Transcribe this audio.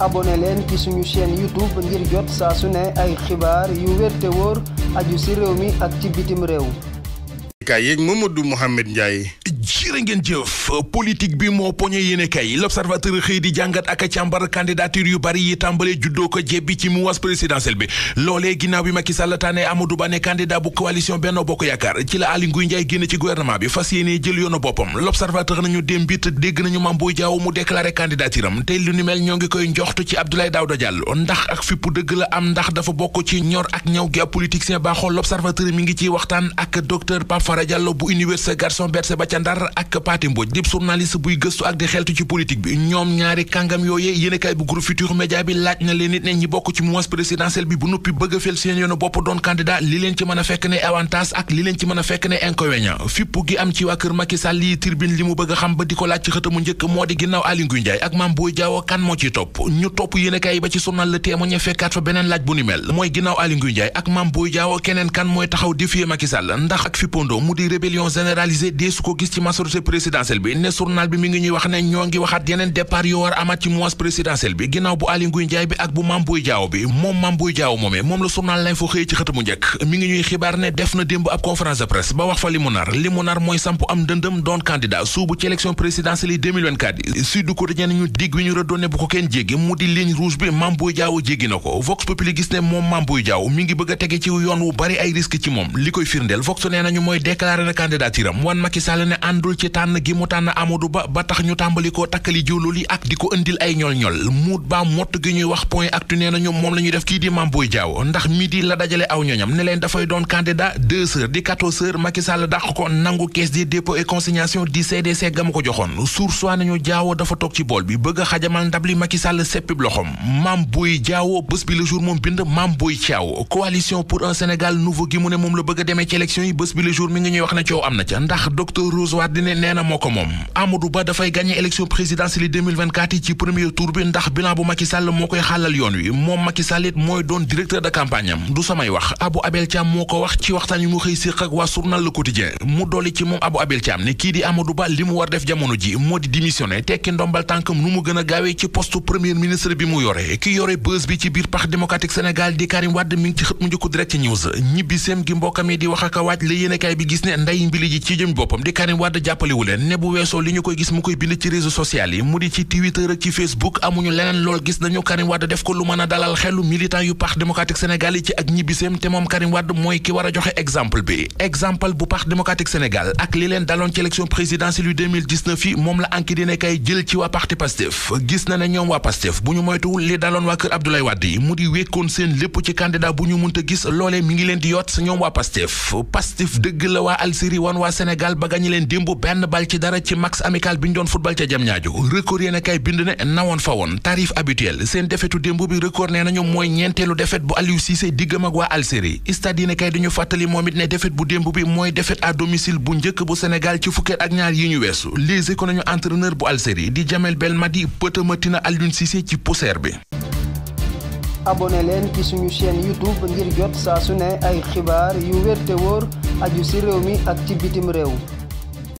abonné leen ci suñu seen YouTube ngir jot saa su ne ay xibaar yu wér te wóor aju ci réew mi ak ci bitim réew. kay yeeg Mamadou Mouhamed Ndiaye. jërë ngeen jëf politique bi moo poñe yéene kay l'observateur xëy di jàngat ak càmbar candidature yu bari yi tàmbale juddoo ko jebbi ci mouvance présidentielle bi loolee ginnaaw bi Macky Sall tànnee Amadou Ba ne candidat bu coalition Benno Bokk Yaakaar ci la Aly Ngouille Ndiaye génn ci gouvernement bi fas yéene jël yoonu boppam l'observateur nañu démb it dégg nañu Mame Boye Diao mu déclaré candidature tey lu ni mel ñoo ngi koy njoxtu ci Abdoulaye la am ndax dafa bokk ci ñor ak ñaw gi ab politicien baaxoo l'observateur mi ngi ciy waxtaan ak docteur Pape Fara Diallo bu université Gaston Berger ba Sarr ak Pathé Mbodj di journaliste buy gëstu ak di xeltu ci politique bi ñoom ñaari kàngam yooyee yéenekaay bu groupe Futurs Médias bi laaj na leen nit ne ñi bokk ci mouvance présidentielle bi bu noppi bëgg a fel seen yoonu bopp doon candidat li leen ci mën a fekk ne avantage ak li leen ci mën a fekk ne inconvénient fipp gi am ci waa kër Macky Sall lii li mu bëgg xam ba di ko laaj ci xëtamu njëkk moo di ginnaaw Aly Ngouille Ndiaye ak Mame Boye Diao kan moo ciy topp ñu topp yéenekaay yi ba ci journal Le Témoin fekkaat fa beneen laaj bu ni mel mooy ginnaaw Aly Ngouille Ndiaye ak Mame Boye Diao kan mooy taxaw défier Macky Sall ndax ak fippandoo mu di rébellion généralisée deesu majorité présidentielle bi ne journal bi mi ngi ñuy wax ne ñoo ngi waxaat yeneen départ yu war a ci moom Mame Boye Diao mu ngi bëgg a tege ci yoon wu bari ay risque ci moom li koy firndeel Vox nee nañu mooy déclaré na candidature wan Macky Sall ne àndul ci tànn gi mu tànn Amadou Ba ba tax ñu tàmbali koo takkali moom la ñuy def kii di Mame Boye Diao ndax midi la dajale aw ñoñam doon candidat deux heures di quatorze heures Macky Sall dàq ko nangu caisse des dépôts et consignation di CDC gam ko joxoon sursoi nañu Diao dafa toog ci bool bi bëgg a xajamal ndab li Macky Sall seppib loxom Mame Boye bés bi le jour moom bind Mame Boye Diao coalition pour un Sénégal nouveau gi mu ne moom la bëgg a demee ci élection yi bés bi le jour mi ngi ñuy wax ne coow am na ca ndax Wardini nee na moo ko moom Amadou Ba dafay gagné élection présidentielle 2024 ci premier tour bi ndax bilan bu Macky Sall moo koy xàllal yoon wi moom Macky Sall it mooy doon directeur de campagne du samay wax Abou Abel Thiam moo ko wax ci waxtaan yi mu xëy séq ak waa journal Le Quotidien mu dolli ci moom Abou Abel Thiam ne kii di Amadou Ba li mu war def jamono ji moo di démissionné tekki ndombal tànkam nu mu gën gaawee ci poste premier ministre bi mu yore ki Wade weesoo li ñu koy gis mu koy bind ci réseaux sociaux yi mu di ci Twitter ci Facebook amuñu leneen lool gis nañu Karim Wade def ko lu mën dalal xelu militant yu Parti démocratique sénégalais yi ci ak ñibbiseem te moom Karim Wade mooy ki war a joxe exemple bi exemple bu Parti démocratique Sénégal ak li leen daloon ci élection présidentielle yu yi moom la anki dina kay jël ci waa parti gis na ne ñoom waa Pastef bu ñu moytuwul li daloon waa kër Abdoulaye démb benn bal ci dara ci max amical bi ñu doon football ca Diamniadio record yéen a kay bind ne nawoon fa woon tarif habituel seen defetu démb bi record nee nañu mooy ñeenteelu defet bu Aliou Cissé diggam waa Algérie stade yéen a kay dañu fàttali moom it ne defet bu démb bi mooy defet à domicile bu njëkk bu Sénégal ci fukkeet ak ñaar yi ñu weesu léegi ko nañu entraîneur bu Algérie di Jamel Belmadi pëtamatina Aliou Cissé ci poussière bi abonné leen ci su ne ay xibaar yu wér te wóor aju ci